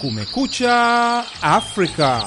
Kumekucha Afrika.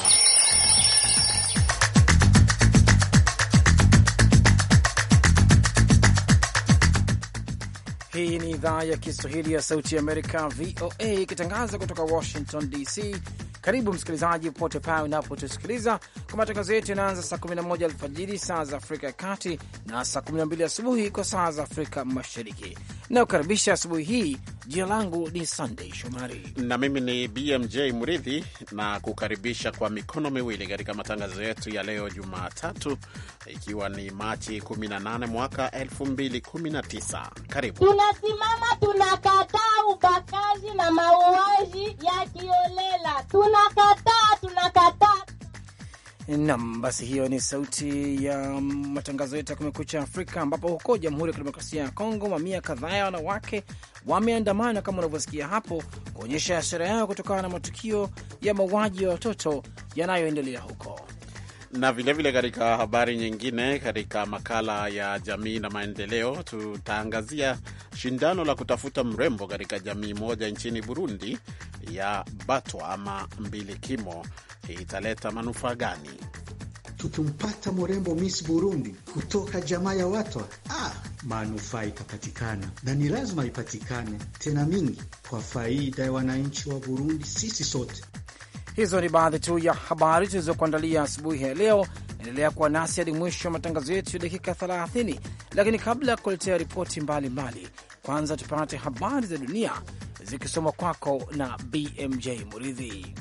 Hii ni idhaa ya Kiswahili ya Sauti ya Amerika, VOA, ikitangaza kutoka Washington DC. Karibu msikilizaji, popote pale unapotusikiliza Matangazo yetu yanaanza saa 11 alfajiri saa za Afrika ya Kati na saa 12 asubuhi kwa saa za Afrika Mashariki. nayokaribisha asubuhi hii. Jina langu ni sandey Shomari na mimi ni BMJ Mridhi, na kukaribisha kwa mikono miwili katika matangazo yetu ya leo Jumatatu, ikiwa ni Machi 18 mwaka 2019. Karibu. Tunasimama, tunakataa ubakazi na mauaji ya kiolela, tunakataa, tunakataa Nam, basi hiyo ni sauti ya matangazo yetu ya Kumekucha Afrika, ambapo huko Jamhuri ya Kidemokrasia ya Kongo mamia kadhaa ya wanawake wameandamana kama unavyosikia hapo, kuonyesha hasira yao kutokana na matukio ya mauaji ya watoto yanayoendelea huko. Na vilevile katika habari nyingine, katika makala ya jamii na maendeleo, tutaangazia shindano la kutafuta mrembo katika jamii moja nchini Burundi ya Batwa ama Mbilikimo italeta manufaa gani? Tukimpata mrembo Miss Burundi kutoka jamaa ya Watwa, ah, manufaa itapatikana na ni lazima ipatikane tena mingi, kwa faida ya wananchi wa Burundi, sisi sote. Hizo ni baadhi tu ya habari tulizokuandalia asubuhi ya leo. Endelea kuwa nasi hadi mwisho wa matangazo yetu ya dakika 30, lakini kabla ya kuletea ripoti mbalimbali, kwanza tupate habari za dunia zikisomwa kwako na BMJ Muridhi.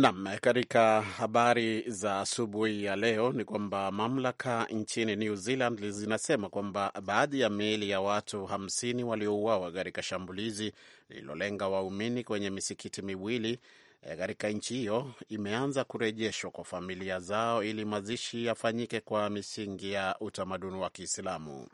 Nam, katika habari za asubuhi ya leo ni kwamba mamlaka nchini New Zealand zinasema kwamba baadhi ya miili ya watu hamsini waliouawa katika shambulizi lililolenga waumini kwenye misikiti miwili eh, katika nchi hiyo imeanza kurejeshwa kwa familia zao ili mazishi yafanyike kwa misingi ya utamaduni wa Kiislamu.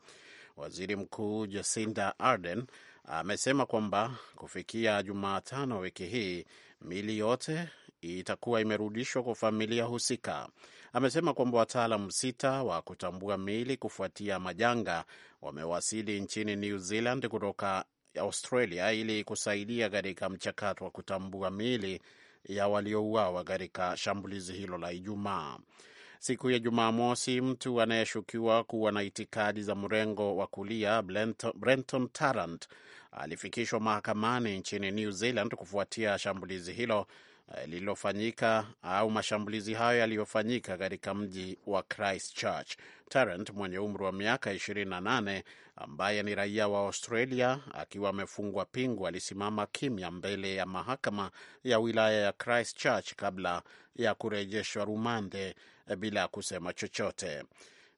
Waziri Mkuu Jacinda Ardern amesema kwamba kufikia Jumatano wiki hii mili yote itakuwa imerudishwa kwa familia husika. Amesema kwamba wataalam sita wa kutambua miili kufuatia majanga wamewasili nchini New Zealand kutoka Australia ili kusaidia katika mchakato wa kutambua miili ya waliouawa katika shambulizi hilo la Ijumaa. Siku ya Jumamosi, mtu anayeshukiwa kuwa na itikadi za mrengo wa kulia Brenton Tarrant alifikishwa mahakamani nchini New Zealand kufuatia shambulizi hilo Eh, lililofanyika au mashambulizi hayo yaliyofanyika katika mji wa Christchurch. Tarrant mwenye umri wa miaka 28 ambaye ni raia wa Australia akiwa amefungwa pingu alisimama kimya mbele ya mahakama ya wilaya ya Christchurch kabla ya kurejeshwa rumande eh, bila ya kusema chochote.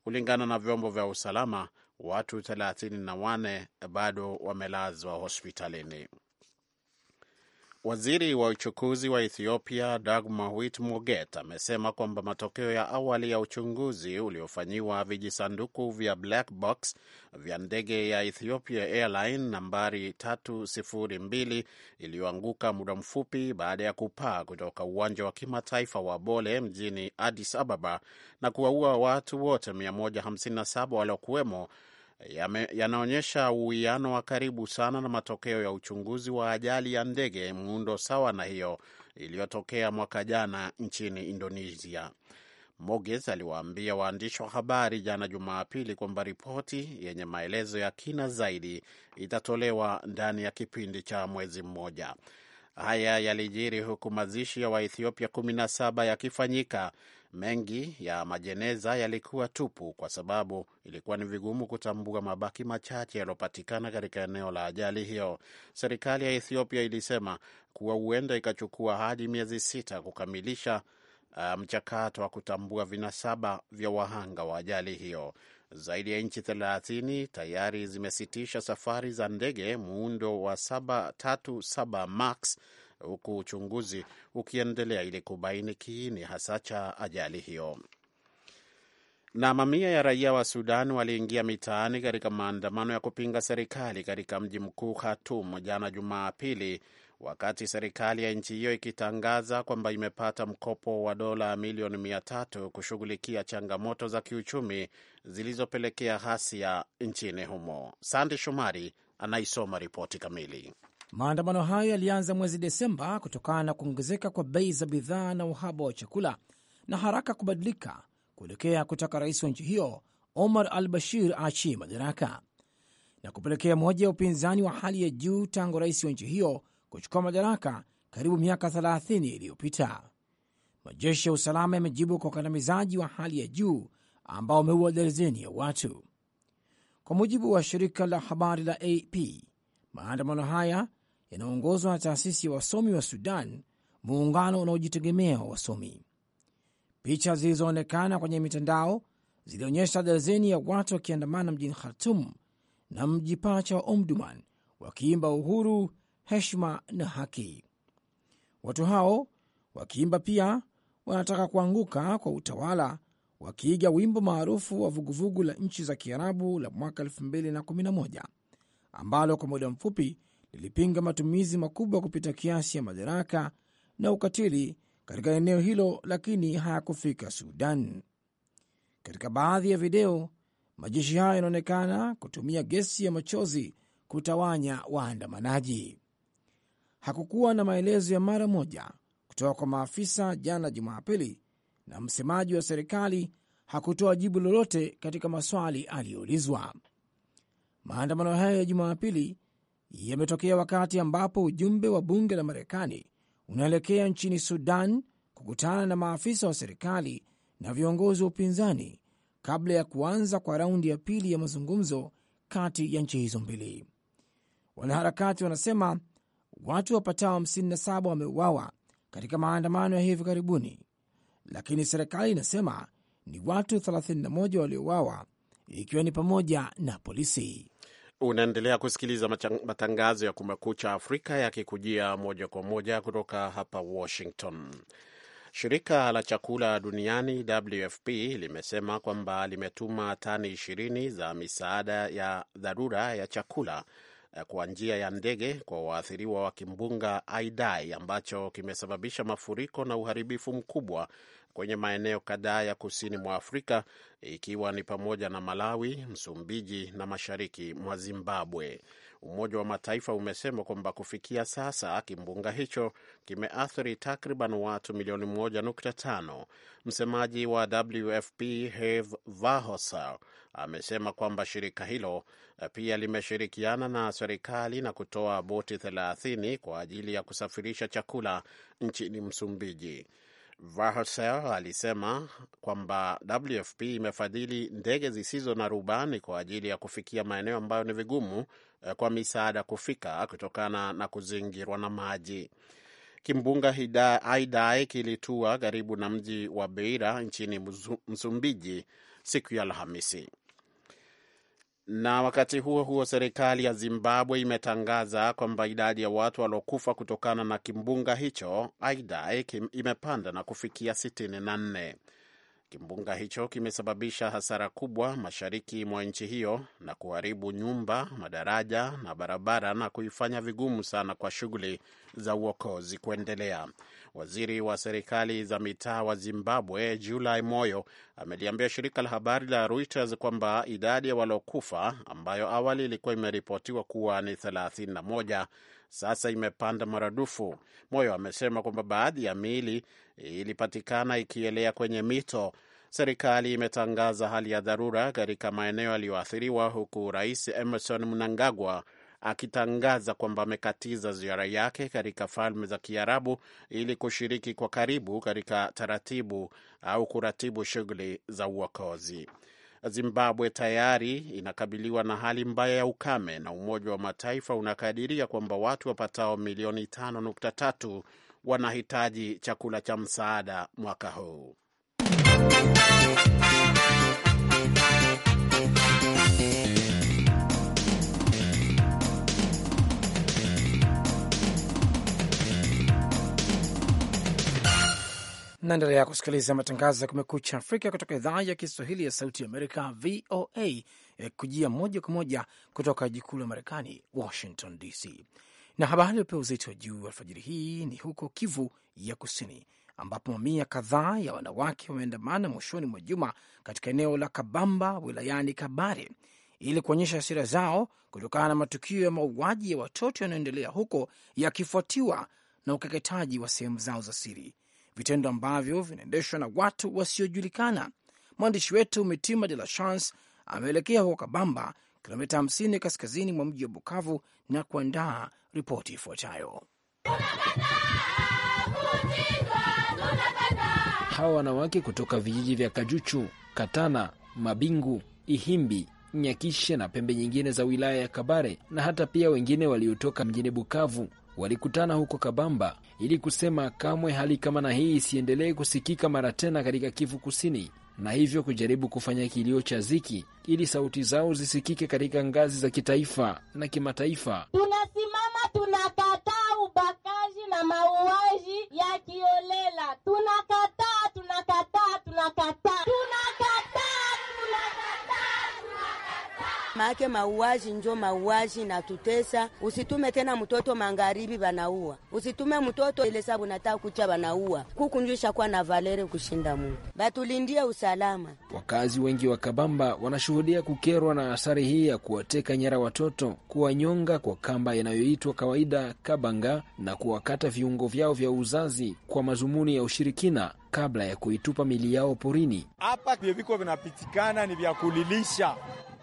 Kulingana na vyombo vya usalama, watu 34 bado wamelazwa hospitalini. Waziri wa uchukuzi wa Ethiopia Dagmawit Moget amesema kwamba matokeo ya awali ya uchunguzi uliofanyiwa vijisanduku vya black box vya ndege ya Ethiopia Airline nambari 302 iliyoanguka muda mfupi baada ya kupaa kutoka uwanja wa kimataifa wa Bole mjini Addis Ababa na kuwaua watu wote 157 waliokuwemo yanaonyesha uwiano wa karibu sana na matokeo ya uchunguzi wa ajali ya ndege muundo sawa na hiyo iliyotokea mwaka jana nchini Indonesia. Moges aliwaambia waandishi wa habari jana Jumapili kwamba ripoti yenye maelezo ya kina zaidi itatolewa ndani ya kipindi cha mwezi mmoja. Haya yalijiri huku mazishi ya Waethiopia 17 yakifanyika. Mengi ya majeneza yalikuwa tupu kwa sababu ilikuwa ni vigumu kutambua mabaki machache yaliyopatikana katika eneo la ajali hiyo. Serikali ya Ethiopia ilisema kuwa huenda ikachukua hadi miezi sita kukamilisha uh, mchakato wa kutambua vinasaba vya wahanga wa ajali hiyo. Zaidi ya nchi 30 tayari zimesitisha safari za ndege muundo wa 737 max huku uchunguzi ukiendelea ili kubaini kiini hasa cha ajali hiyo. Na mamia ya raia wa Sudan waliingia mitaani katika maandamano ya kupinga serikali katika mji mkuu Khartoum jana Jumapili, wakati serikali ya nchi hiyo ikitangaza kwamba imepata mkopo wa dola milioni mia tatu kushughulikia changamoto za kiuchumi zilizopelekea ghasia nchini humo. Sande Shomari anaisoma ripoti kamili. Maandamano hayo yalianza mwezi Desemba kutokana na kuongezeka kwa bei za bidhaa na uhaba wa chakula na haraka kubadilika kuelekea kutaka rais wa nchi hiyo Omar al Bashir aachie madaraka na kupelekea moja ya upinzani wa hali ya juu tangu rais wa nchi hiyo kuchukua madaraka karibu miaka 30 iliyopita. Majeshi ya usalama yamejibu kwa ukandamizaji wa hali ya juu ambao wameua darzeni ya watu, kwa mujibu wa shirika la habari la AP. Maandamano haya yanaongozwa na taasisi ya wasomi wa Sudan, muungano unaojitegemea wa wasomi. Picha zilizoonekana kwenye mitandao zilionyesha darzeni ya watu wakiandamana mjini Khartum na mji pacha wa Omduman wakiimba uhuru, heshima na haki. Watu hao wakiimba pia wanataka kuanguka kwa utawala, wakiiga wimbo maarufu wa vuguvugu la nchi za Kiarabu la mwaka 2011 ambalo kwa muda mfupi lilipinga matumizi makubwa kupita kiasi ya madaraka na ukatili katika eneo hilo, lakini hayakufika Sudan. Katika baadhi ya video, majeshi hayo yanaonekana kutumia gesi ya machozi kutawanya waandamanaji hakukuwa na maelezo ya mara moja kutoka kwa maafisa jana Jumapili, na msemaji wa serikali hakutoa jibu lolote katika maswali aliyoulizwa. Maandamano hayo ya Jumapili yametokea wakati ambapo ujumbe wa bunge la Marekani unaelekea nchini Sudan kukutana na maafisa wa serikali na viongozi wa upinzani kabla ya kuanza kwa raundi ya pili ya mazungumzo kati ya nchi hizo mbili. Wanaharakati wanasema watu wapatao 57 wameuawa katika maandamano ya hivi karibuni, lakini serikali inasema ni watu 31 waliouawa ikiwa ni pamoja na polisi. Unaendelea kusikiliza matangazo ya Kumekucha Afrika yakikujia moja kwa moja kutoka hapa Washington. Shirika la chakula duniani WFP limesema kwamba limetuma tani 20 za misaada ya dharura ya chakula Eh, kwa njia ya ndege kwa waathiriwa wa kimbunga Idai ambacho kimesababisha mafuriko na uharibifu mkubwa kwenye maeneo kadhaa ya kusini mwa Afrika ikiwa ni pamoja na Malawi, Msumbiji na mashariki mwa Zimbabwe. Umoja wa Mataifa umesema kwamba kufikia sasa kimbunga hicho kimeathiri takriban watu milioni 1.5. Msemaji wa WFP heve Vahosa amesema kwamba shirika hilo pia limeshirikiana na serikali na kutoa boti 30 kwa ajili ya kusafirisha chakula nchini Msumbiji. Vahosel alisema kwamba WFP imefadhili ndege zisizo na rubani kwa ajili ya kufikia maeneo ambayo ni vigumu eh, kwa misaada kufika kutokana na kuzingirwa na maji. Kimbunga Idai kilitua karibu na mji wa Beira nchini Msumbiji siku ya Alhamisi. Na wakati huo huo, serikali ya Zimbabwe imetangaza kwamba idadi ya watu waliokufa kutokana na kimbunga hicho aida imepanda na kufikia 64. Kimbunga hicho kimesababisha hasara kubwa mashariki mwa nchi hiyo na kuharibu nyumba, madaraja na barabara na kuifanya vigumu sana kwa shughuli za uokozi kuendelea. Waziri wa serikali za mitaa wa Zimbabwe Julai Moyo ameliambia shirika la habari la Reuters kwamba idadi ya waliokufa ambayo awali ilikuwa imeripotiwa kuwa ni 31 sasa imepanda maradufu. Moyo amesema kwamba baadhi ya miili ilipatikana ikielea kwenye mito. Serikali imetangaza hali ya dharura katika maeneo yaliyoathiriwa huku Rais Emerson Mnangagwa akitangaza kwamba amekatiza ziara yake katika Falme za Kiarabu ili kushiriki kwa karibu katika taratibu au kuratibu shughuli za uokozi. Zimbabwe tayari inakabiliwa na hali mbaya ya ukame na Umoja wa Mataifa unakadiria kwamba watu wapatao milioni 5.3 wanahitaji chakula cha msaada mwaka huu. Naendelea kusikiliza matangazo ya Kumekucha Afrika kutoka idhaa ya Kiswahili ya Sauti Amerika, VOA, yakikujia moja kwa moja kutoka jiji kuu la Marekani, Washington DC. Na habari iliyopewa uzito wa juu alfajiri hii ni huko Kivu ya Kusini, ambapo mamia kadhaa ya wanawake wameandamana mwishoni mwa juma katika eneo la Kabamba wilayani Kabare ili kuonyesha hasira zao kutokana na matukio ya mauaji ya watoto yanayoendelea huko yakifuatiwa na ukeketaji wa sehemu zao za siri vitendo ambavyo vinaendeshwa na watu wasiojulikana. Mwandishi wetu Mitima De La Chance ameelekea huko Kabamba, kilomita 50 kaskazini mwa mji wa Bukavu na kuandaa ripoti ifuatayo. Hawa wanawake kutoka vijiji vya Kajuchu, Katana, Mabingu, Ihimbi, Nyakishe na pembe nyingine za wilaya ya Kabare na hata pia wengine waliotoka mjini Bukavu walikutana huko Kabamba ili kusema kamwe hali kama na hii isiendelee kusikika mara tena katika Kivu Kusini, na hivyo kujaribu kufanya kilio cha ziki ili sauti zao zisikike katika ngazi za kitaifa na kimataifa. Tunasimama, tunakataa ubakaji na mauaji ya kiolela. Tunakataa, tunakataa, tunakataa. maake mauaji njo mauaji na tutesa. Usitume tena mtoto mangaribi banaua, usitume mtoto ile sabu nataka kucha banaua kukunjusha kwa na Valere kushinda Mungu batulindie usalama. Wakazi wengi wa Kabamba wanashuhudia kukerwa na athari hii ya kuwateka nyara watoto, kuwanyonga kwa kamba inayoitwa kawaida kabanga, na kuwakata viungo vyao vya uzazi kwa mazumuni ya ushirikina kabla ya kuitupa mili yao porini. Hapa vyo vinapitikana ni vya kulilisha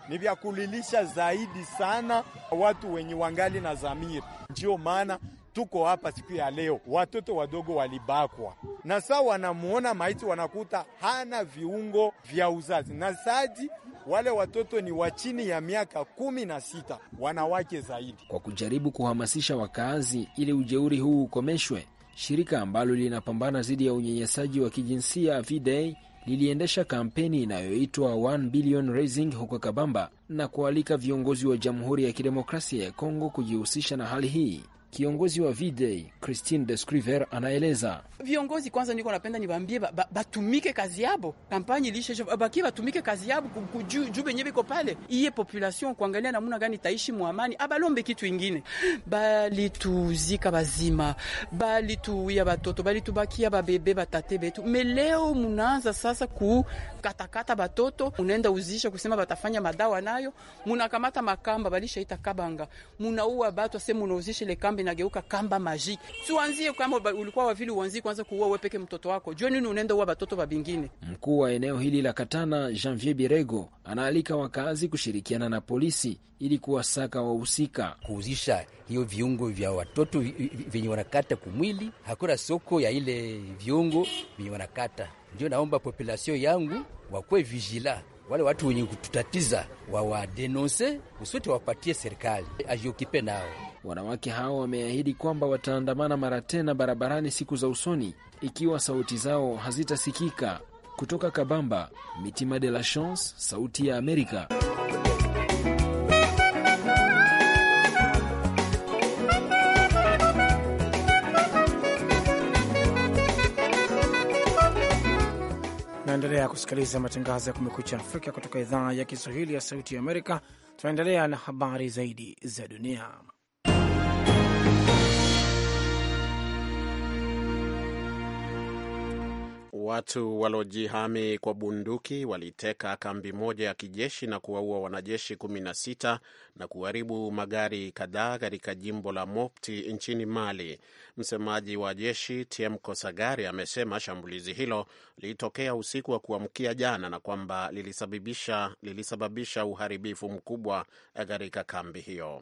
ni vya kulilisha zaidi sana watu wenye wangali na zamiri Ndio maana tuko hapa siku ya leo. Watoto wadogo walibakwa, na saa wanamwona maiti wanakuta hana viungo vya uzazi, na saji wale watoto ni wa chini ya miaka kumi na sita, wanawake zaidi. Kwa kujaribu kuhamasisha wakazi ili ujeuri huu ukomeshwe, shirika ambalo linapambana dhidi ya unyanyasaji wa kijinsia V-Day liliendesha kampeni inayoitwa 1 Billion Raising huko Kabamba na kualika viongozi wa Jamhuri ya Kidemokrasia ya Kongo kujihusisha na hali hii. Kiongozi wa V-Day Christine Descriver anaeleza viongozi kwanza, niko napenda niwaambie batumike ba, ba kazi yabo, kampanye ilishe baki, batumike kazi yabo juu benye biko pale, iye population kuangalia namuna gani taishi mwamani, abalombe kitu ingine. Balituzika bazima, balituwia batoto, balitubakia babebe batate betu. Me leo munaanza sasa kukatakata batoto, unaenda uzisha kusema batafanya madawa nayo, munakamata makamba balishaita kabanga, munaua batu ase munauzisha kambe inageuka kamba magic. Tuanzie kama ulikuwa wavili, uanzie kwanza kuua wewe peke mtoto wako, jua nini unaenda uwa wa bingine. Mkuu wa eneo hili la Katana, Janvier Birego, anaalika wakazi kushirikiana na polisi ili kuwasaka wahusika. Kuuzisha hiyo viungo vya watoto vyenye wanakata kumwili, hakuna soko ya ile viungo vyenye wanakata. Ndio naomba populasio yangu wakuwe vigila wale watu wenye kututatiza wawadenonse, usiwete wapatie serikali ajiokipe nao. Wanawake hao wameahidi kwamba wataandamana mara tena barabarani siku za usoni ikiwa sauti zao hazitasikika. Kutoka Kabamba, Mitima de la Chance, Sauti ya Amerika. Naendelea kusikiliza matangazo ya Kumekucha Afrika kutoka idhaa ya Kiswahili ya Sauti ya Amerika. Tunaendelea na habari zaidi za dunia. Watu walojihami kwa bunduki waliteka kambi moja ya kijeshi na kuwaua wanajeshi 16 na kuharibu magari kadhaa katika jimbo la Mopti nchini Mali. Msemaji wa jeshi TM Sagari amesema shambulizi hilo lilitokea usiku wa kuamkia jana na kwamba lilisababisha, lilisababisha uharibifu mkubwa katika kambi hiyo.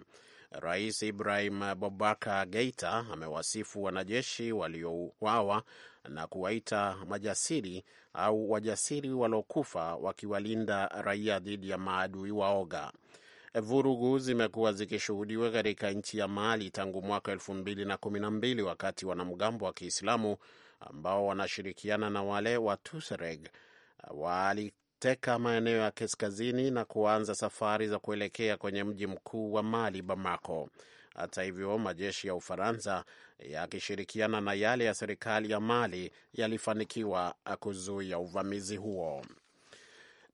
Rais Ibrahim Bobakar geita amewasifu wanajeshi waliouawa na kuwaita majasiri au wajasiri waliokufa wakiwalinda raia dhidi ya maadui waoga. Vurugu zimekuwa zikishuhudiwa katika nchi ya Mali tangu mwaka elfu mbili na kumi na mbili wakati wanamgambo wa Kiislamu ambao wanashirikiana na wale wa Tuareg wali kuteka maeneo ya kaskazini na kuanza safari za kuelekea kwenye mji mkuu wa Mali, Bamako. Hata hivyo, majeshi ya Ufaransa yakishirikiana na yale ya serikali ya Mali yalifanikiwa kuzuia uvamizi huo.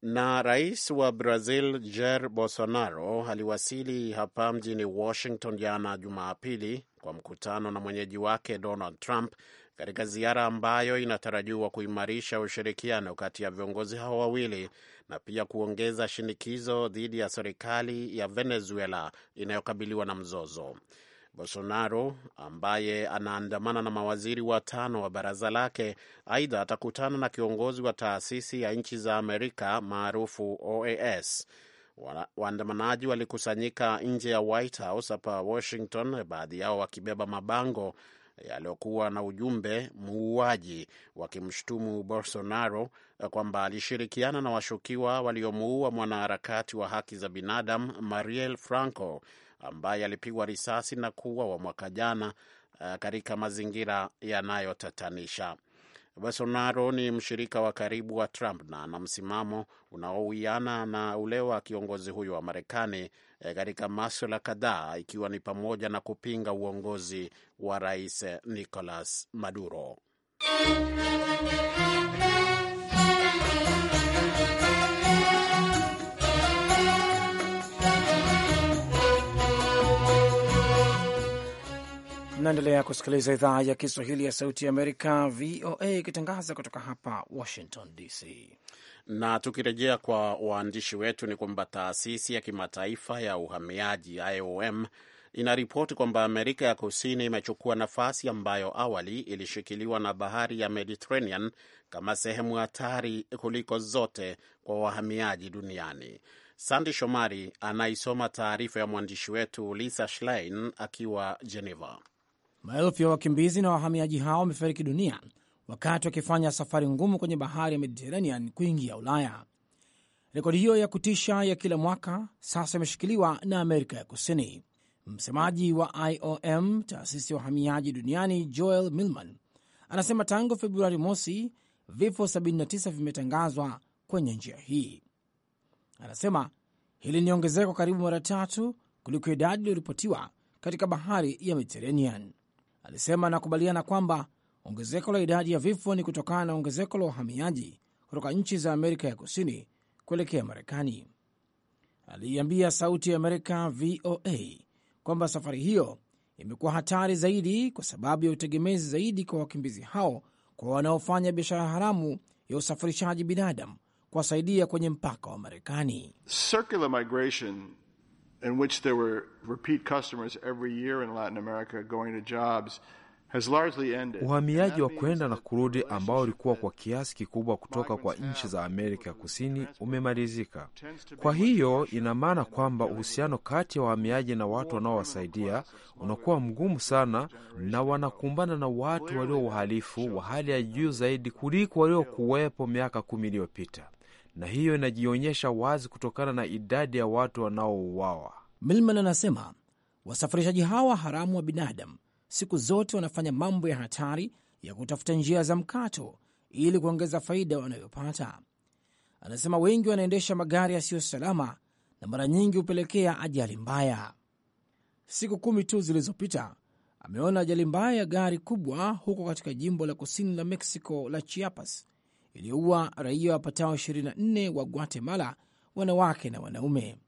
Na rais wa Brazil Jair Bolsonaro aliwasili hapa mjini Washington jana Jumapili kwa mkutano na mwenyeji wake Donald Trump katika ziara ambayo inatarajiwa kuimarisha ushirikiano kati ya viongozi hao wawili na pia kuongeza shinikizo dhidi ya serikali ya Venezuela inayokabiliwa na mzozo. Bolsonaro ambaye anaandamana na mawaziri watano wa baraza lake, aidha atakutana na kiongozi wa taasisi ya nchi za Amerika maarufu OAS. Waandamanaji walikusanyika nje ya White House hapa Washington, baadhi yao wakibeba mabango yaliyokuwa na ujumbe muuaji, wakimshutumu Bolsonaro eh, kwamba alishirikiana na washukiwa waliomuua mwanaharakati wa haki za binadamu mariel Franco ambaye alipigwa risasi na kuuawa mwaka jana eh, katika mazingira yanayotatanisha. Bolsonaro ni mshirika wa karibu wa Trump na ana msimamo unaowiana na ule wa kiongozi huyo wa Marekani Eh, katika maswala kadhaa ikiwa ni pamoja na kupinga uongozi wa Rais Nicolas Maduro. Naendelea kusikiliza idhaa ya Kiswahili ya Sauti ya Amerika, VOA, ikitangaza kutoka hapa Washington DC. Na tukirejea kwa waandishi wetu ni kwamba taasisi ya kimataifa ya uhamiaji IOM inaripoti kwamba Amerika ya Kusini imechukua nafasi ambayo awali ilishikiliwa na bahari ya Mediterranean kama sehemu hatari kuliko zote kwa wahamiaji duniani. Sandi Shomari anaisoma taarifa ya mwandishi wetu Lisa Schlein akiwa Geneva. Maelfu ya wakimbizi na wahamiaji hao wamefariki dunia wakati wakifanya safari ngumu kwenye bahari ya Mediterranean kuingia Ulaya. Rekodi hiyo ya kutisha ya kila mwaka sasa imeshikiliwa na Amerika ya Kusini. Msemaji wa IOM, taasisi ya wahamiaji duniani, Joel milman anasema tangu Februari mosi vifo 79 vimetangazwa kwenye njia hii. Anasema hili ni ongezeko karibu mara tatu kuliko idadi iliyoripotiwa katika bahari ya Mediterranean. Alisema anakubaliana kwamba Ongezeko la idadi ya vifo ni kutokana na ongezeko la uhamiaji kutoka nchi za Amerika ya Kusini kuelekea Marekani. Aliiambia Sauti ya Amerika VOA kwamba safari hiyo imekuwa hatari zaidi kwa sababu ya utegemezi zaidi kwa wakimbizi hao kwa wanaofanya biashara haramu ya usafirishaji binadamu kuwasaidia kwenye mpaka wa Marekani. Uhamiaji wa kwenda na kurudi ambao ulikuwa kwa kiasi kikubwa kutoka kwa nchi za Amerika ya Kusini umemalizika. Kwa hiyo ina maana kwamba uhusiano kati ya wahamiaji na watu wanaowasaidia unakuwa mgumu sana, na wanakumbana na watu walio wahalifu wa hali ya juu zaidi kuliko waliokuwepo miaka kumi iliyopita, na hiyo inajionyesha wazi kutokana na idadi ya watu wanaouawa. Milman anasema wasafirishaji hawa haramu wa binadamu siku zote wanafanya mambo ya hatari ya kutafuta njia za mkato ili kuongeza faida wanayopata. Anasema wengi wanaendesha magari yasiyo salama na mara nyingi hupelekea ajali mbaya. Siku kumi tu zilizopita ameona ajali mbaya ya gari kubwa huko katika jimbo la kusini la Mexico la Chiapas iliyoua raia wapatao 24 wa Guatemala, wanawake na wanaume.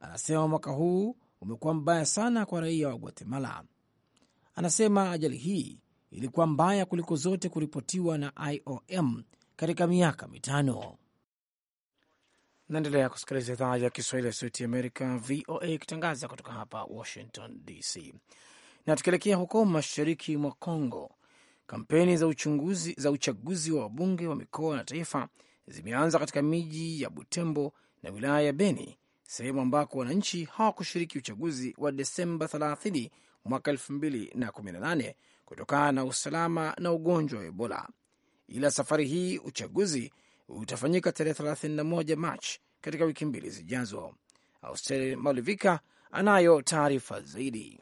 Anasema mwaka huu umekuwa mbaya sana kwa raia wa Guatemala. Anasema ajali hii ilikuwa mbaya kuliko zote kuripotiwa na IOM katika miaka mitano. Naendelea kusikiliza idhaa ya Kiswahili ya Sauti Amerika, VOA, ikitangaza kutoka hapa Washington DC. Na tukielekea huko mashariki mwa Congo, kampeni za uchunguzi, za uchaguzi wa wabunge wa mikoa na taifa zimeanza katika miji ya Butembo na wilaya ya Beni, sehemu ambako wananchi hawakushiriki uchaguzi wa Desemba mwaka 2018 kutokana na usalama na ugonjwa wa Ebola. Ila safari hii uchaguzi utafanyika tarehe 31 Machi, katika wiki mbili zijazo. Austeli Malivika anayo taarifa zaidi.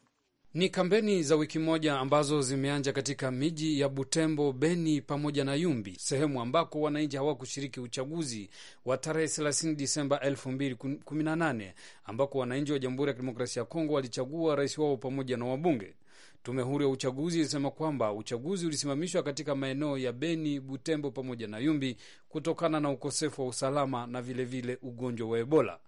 Ni kampeni za wiki moja ambazo zimeanza katika miji ya Butembo, Beni pamoja na Yumbi, sehemu ambako wananchi hawakushiriki uchaguzi wa tarehe 30 Disemba 2018 ambako wananchi wa Jamhuri ya Kidemokrasia ya Kongo walichagua rais wao pamoja na wabunge. Tume huru ya uchaguzi ilisema kwamba uchaguzi ulisimamishwa katika maeneo ya Beni, Butembo pamoja na Yumbi kutokana na ukosefu wa usalama na vilevile ugonjwa wa Ebola.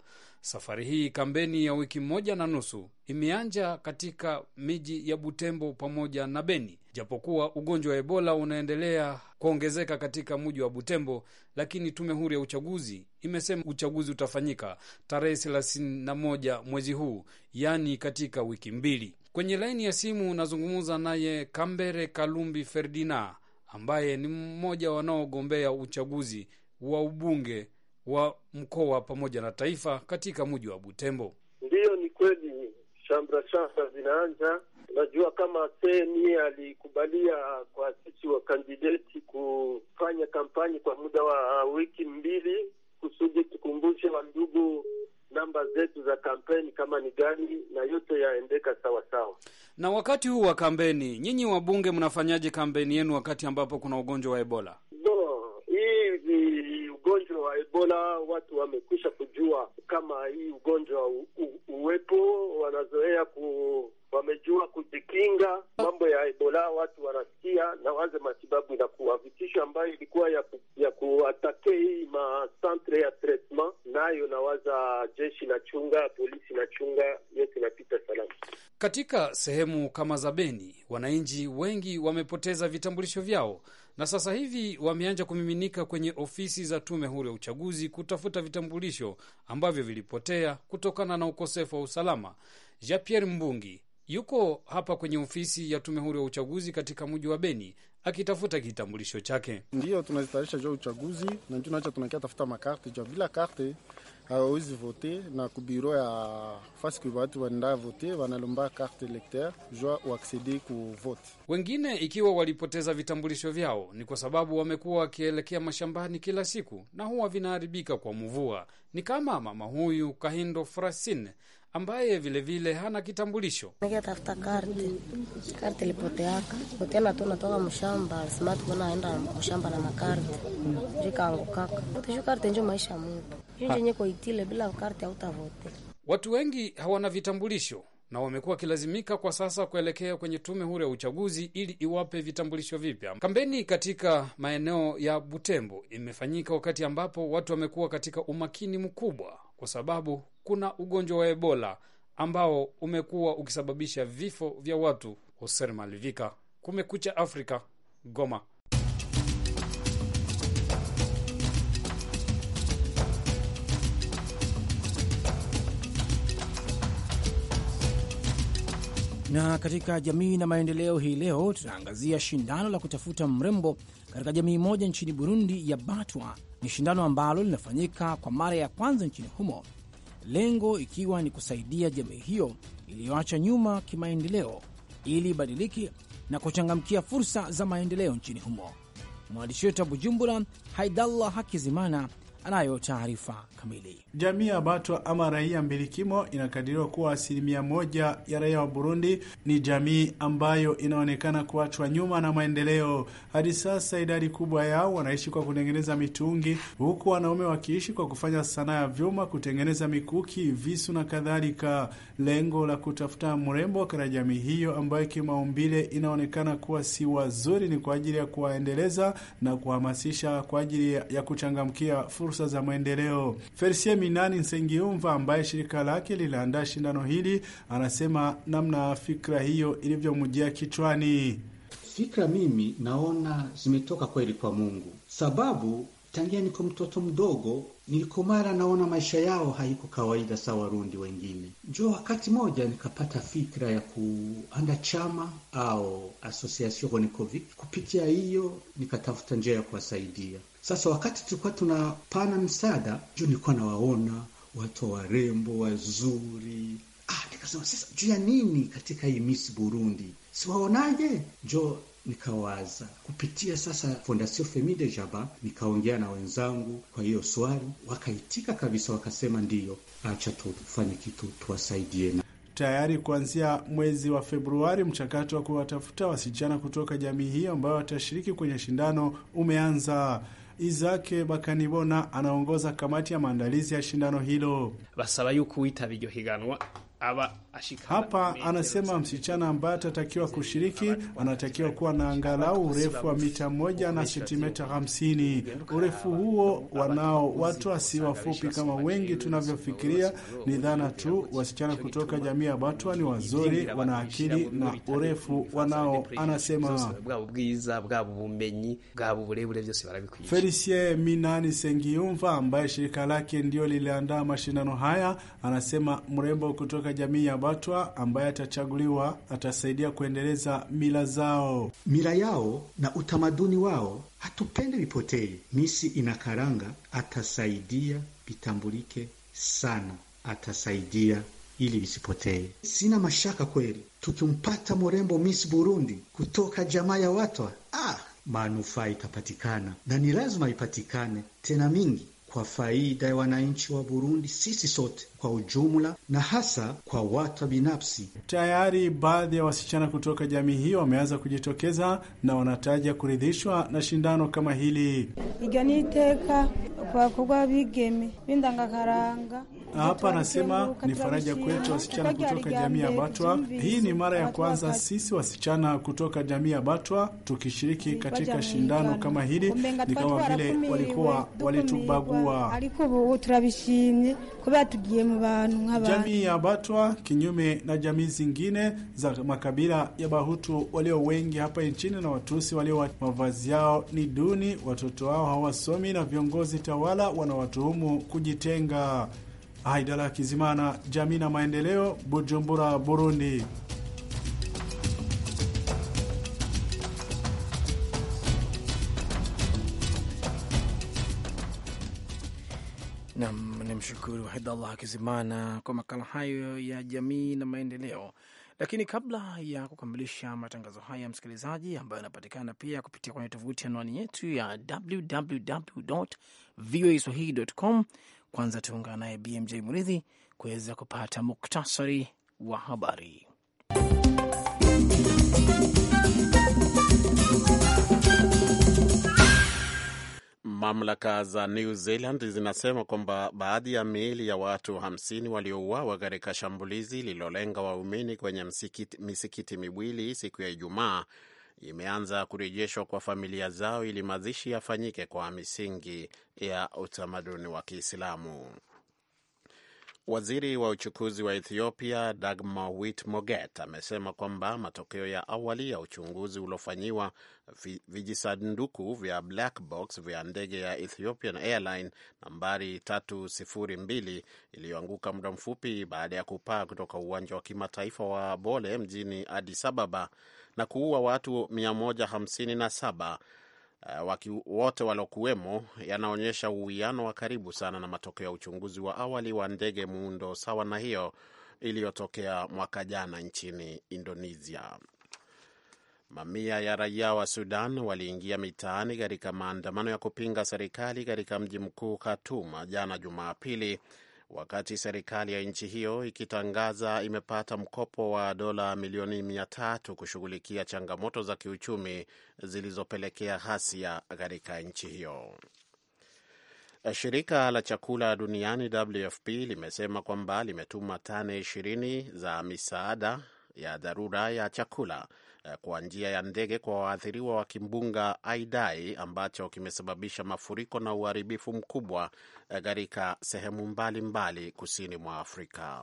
Safari hii kampeni ya wiki moja na nusu imeanja katika miji ya Butembo pamoja na Beni. Japokuwa ugonjwa wa Ebola unaendelea kuongezeka katika mji wa Butembo, lakini tume huru ya uchaguzi imesema uchaguzi utafanyika tarehe thelathini na moja mwezi huu, yaani katika wiki mbili. Kwenye laini ya simu nazungumza naye Kambere Kalumbi Ferdinand ambaye ni mmoja wanaogombea uchaguzi wa ubunge wa mkoa pamoja na taifa katika mji wa Butembo. Ndiyo, ni kweli shamra shamra zinaanza. Unajua, kama seni alikubalia kwa sisi wa kandideti kufanya kampani kwa muda wa wiki mbili kusudi tukumbushe wandugu namba zetu za kampeni kama ni gani, na yote yaendeka sawa sawa. Na wakati huu wa kampeni, nyinyi wabunge mnafanyaje kampeni yenu wakati ambapo kuna ugonjwa wa Ebola? Ebola, watu wamekwisha kujua kama hii ugonjwa uwepo, wanazoea ku wamejua kujikinga mambo ya Ebola, watu wanasikia na waze matibabu, inakuwa vitisho ambayo ilikuwa ya, ku, ya kuatake hii masantre ya treatment, nayo nawaza jeshi na chunga polisi na chunga yote inapita salama. Katika sehemu kama za Beni, wananchi wengi wamepoteza vitambulisho vyao na sasa hivi wameanza kumiminika kwenye ofisi za tume huru ya uchaguzi kutafuta vitambulisho ambavyo vilipotea kutokana na ukosefu wa usalama. Jean Pierre Mbungi yuko hapa kwenye ofisi ya tume huru ya uchaguzi katika mji wa Beni akitafuta kitambulisho chake. ndio tunazitarisha jo uchaguzi na njo nacha tunakia tafuta makarte jo bila karte hawawezi vote na kubiro ya fasi ku watu wanaenda vote wanalomba karte electeur jua waaksedie kuvote. Wengine ikiwa walipoteza vitambulisho vyao ni kwa sababu wamekuwa wakielekea mashambani kila siku na huwa vinaharibika kwa mvua, ni kama mama huyu Kahindo Frasin ambaye vilevile vile hana kitambulisho. Tafuta karte karte lipoteaka potena tu natoka mshamba smart kuna aenda mshamba na makarte jikaangukaka tishu karte njo maisha mutu yenye bila karte Watu wengi hawana vitambulisho na wamekuwa wakilazimika kwa sasa kuelekea kwenye tume huru ya uchaguzi ili iwape vitambulisho vipya. Kampeni katika maeneo ya Butembo imefanyika wakati ambapo watu wamekuwa katika umakini mkubwa, kwa sababu kuna ugonjwa wa Ebola ambao umekuwa ukisababisha vifo vya watu. Hoser Malivika, Kumekucha Afrika, Goma. Na katika jamii na maendeleo hii leo tunaangazia shindano la kutafuta mrembo katika jamii moja nchini Burundi ya Batwa. Ni shindano ambalo linafanyika kwa mara ya kwanza nchini humo, lengo ikiwa ni kusaidia jamii hiyo iliyoacha nyuma kimaendeleo ili ibadiliki na kuchangamkia fursa za maendeleo nchini humo. Mwandishi wetu wa Bujumbura, Haidallah Hakizimana anayo taarifa kamili. Jamii ya Batwa ama raia mbilikimo inakadiriwa kuwa asilimia moja ya raia wa Burundi ni jamii ambayo inaonekana kuachwa nyuma na maendeleo. Hadi sasa idadi kubwa yao wanaishi kwa kutengeneza mitungi, huku wanaume wakiishi kwa kufanya sanaa ya vyuma, kutengeneza mikuki, visu na kadhalika, lengo la kutafuta mrembo katika jamii hiyo ambayo kimaumbile inaonekana kuwa si wazuri, ni kwa ajili ya kuwaendeleza na kuhamasisha kwa ajili ya kuchangamkia fursa fursa za maendeleo. Fersie Minani Nsengiumva, ambaye shirika lake liliandaa shindano hili, anasema namna fikra hiyo ilivyomjia kichwani. Fikra mimi naona zimetoka kweli kwa Mungu, sababu tangia niko mtoto mdogo niliko mara naona maisha yao haiko kawaida sawa Warundi wengine. Njo wakati moja nikapata fikra ya kuanda chama au asosiasio Renecovic. Kupitia hiyo nikatafuta njia ya kuwasaidia sasa wakati tulikuwa tunapana msaada juu, nilikuwa nawaona watu warembo wazuri ah, nikasema sasa juu ya nini katika hii Miss Burundi siwaonaje? Jo, nikawaza kupitia sasa Fondation Famille de Jaba, nikaongea na wenzangu kwa hiyo swali, wakaitika kabisa, wakasema ndiyo, acha tufanye kitu tuwasaidie. Tayari kuanzia mwezi wa Februari, mchakato wa kuwatafuta wasichana kutoka jamii hiyo ambayo watashiriki kwenye shindano umeanza. Isaac Bakanibona anaongoza kamati ya maandalizi ya shindano hilo. Basaba yuko witabira iryo higanwa hapa anasema msichana ambaye atatakiwa kushiriki anatakiwa kuwa na angalau urefu wa mita moja na sentimeta hamsini. Urefu huo wanao watu asiwafupi wafupi kama wengi tunavyofikiria. Ni dhana tu. Wasichana kutoka jamii ya Batwa ni wazuri, wana akili na urefu wanao, anasema Felicie Minani Sengiyumva ambaye shirika lake ndio liliandaa mashindano haya. Anasema mrembo kutoka katika jamii ya Batwa ambaye atachaguliwa atasaidia kuendeleza mila zao, mila yao na utamaduni wao, hatupende vipotee. Misi inakaranga atasaidia vitambulike sana, atasaidia ili visipotee. Sina mashaka kweli, tukimpata mrembo Miss Burundi kutoka jamaa ya Watwa, ah, manufaa itapatikana na ni lazima ipatikane tena mingi kwa faida ya wananchi wa Burundi, sisi sote kwa ujumla, na hasa kwa watu binafsi. Tayari baadhi ya wasichana kutoka jamii hiyo wameanza kujitokeza na wanataja kuridhishwa na shindano kama hili. igani iteka bakogwa bigeme bindangakaranga hapa anasema ni faraja kwetu wasichana kutoka jamii ya Batwa. Hii ni mara ya kwanza sisi wasichana kutoka jamii ya Batwa tukishiriki katika shindano kama hili, ni kama vile walikuwa walitubagua. Jamii ya Batwa kinyume na jamii zingine za makabila ya Bahutu walio wengi hapa nchini na Watusi walio, mavazi yao ni duni, watoto wao hawasomi na viongozi tawala wanawatuhumu kujitenga. Haidara Kizimana, jamii na maendeleo, Bujumbura, Burundi. Nam ni mshukuru Haidallah Kizimana kwa makala hayo ya jamii na maendeleo. Lakini kabla ya kukamilisha matangazo haya, msikilizaji, ambayo yanapatikana pia kupitia kwenye tovuti anwani yetu ya www voa swahili com kwanza tuungana naye BMJ Mridhi kuweza kupata muktasari wa habari. Mamlaka za New Zealand zinasema kwamba baadhi ya miili ya watu 50 waliouawa katika shambulizi lililolenga waumini kwenye misikiti miwili siku ya Ijumaa imeanza kurejeshwa kwa familia zao ili mazishi yafanyike kwa misingi ya utamaduni wa Kiislamu. Waziri wa uchukuzi wa Ethiopia Dagmar Wit Moget amesema kwamba matokeo ya awali ya uchunguzi uliofanyiwa vijisanduku vya black box vya ndege ya Ethiopian Airline nambari 302 iliyoanguka muda mfupi baada ya kupaa kutoka uwanja wa kimataifa wa Bole mjini Addis Ababa na kuua watu 157 eh, wote waliokuwemo. Yanaonyesha uwiano wa karibu sana na matokeo ya uchunguzi wa awali wa ndege muundo sawa na hiyo iliyotokea mwaka jana nchini Indonesia. Mamia ya raia wa Sudan waliingia mitaani katika maandamano ya kupinga serikali katika mji mkuu Khartoum jana Jumapili wakati serikali ya nchi hiyo ikitangaza imepata mkopo wa dola milioni mia tatu kushughulikia changamoto za kiuchumi zilizopelekea ghasia katika nchi hiyo. Shirika la chakula duniani WFP limesema kwamba limetuma tani ishirini za misaada ya dharura ya chakula Eh, kwa njia ya ndege kwa waathiriwa wa kimbunga Idai ambacho kimesababisha mafuriko na uharibifu mkubwa eh, katika sehemu mbalimbali mbali kusini mwa Afrika.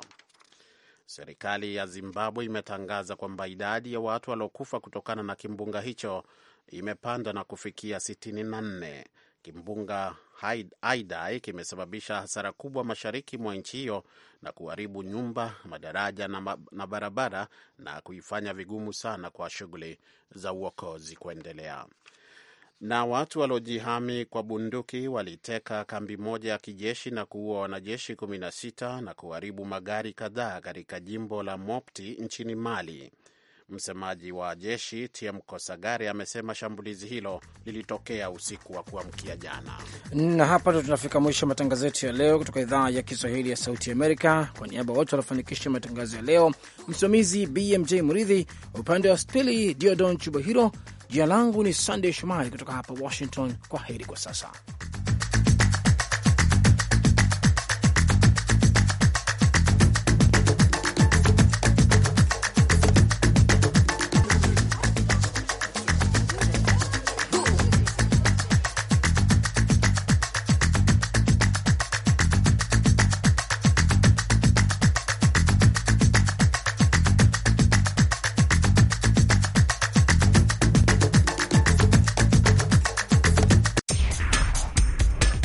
Serikali ya Zimbabwe imetangaza kwamba idadi ya watu waliokufa kutokana na kimbunga hicho imepanda na kufikia nne Kimbunga Idai kimesababisha hasara kubwa mashariki mwa nchi hiyo na kuharibu nyumba, madaraja na, na barabara na kuifanya vigumu sana kwa shughuli za uokozi kuendelea. Na watu waliojihami kwa bunduki waliteka kambi moja ya kijeshi na kuua wanajeshi 16 na kuharibu magari kadhaa katika jimbo la Mopti nchini Mali. Msemaji wa jeshi TM Kosagari amesema shambulizi hilo lilitokea usiku wa kuamkia jana. Na hapa ndo tunafika mwisho wa matangazo yetu ya leo kutoka idhaa ya Kiswahili ya Sauti Amerika. Kwa niaba wote waliofanikisha matangazo ya leo, msimamizi BMJ Muridhi, upande wa stili Diodon Chubahiro. Jina langu ni Sandey Shomari kutoka hapa Washington. Kwa heri kwa sasa.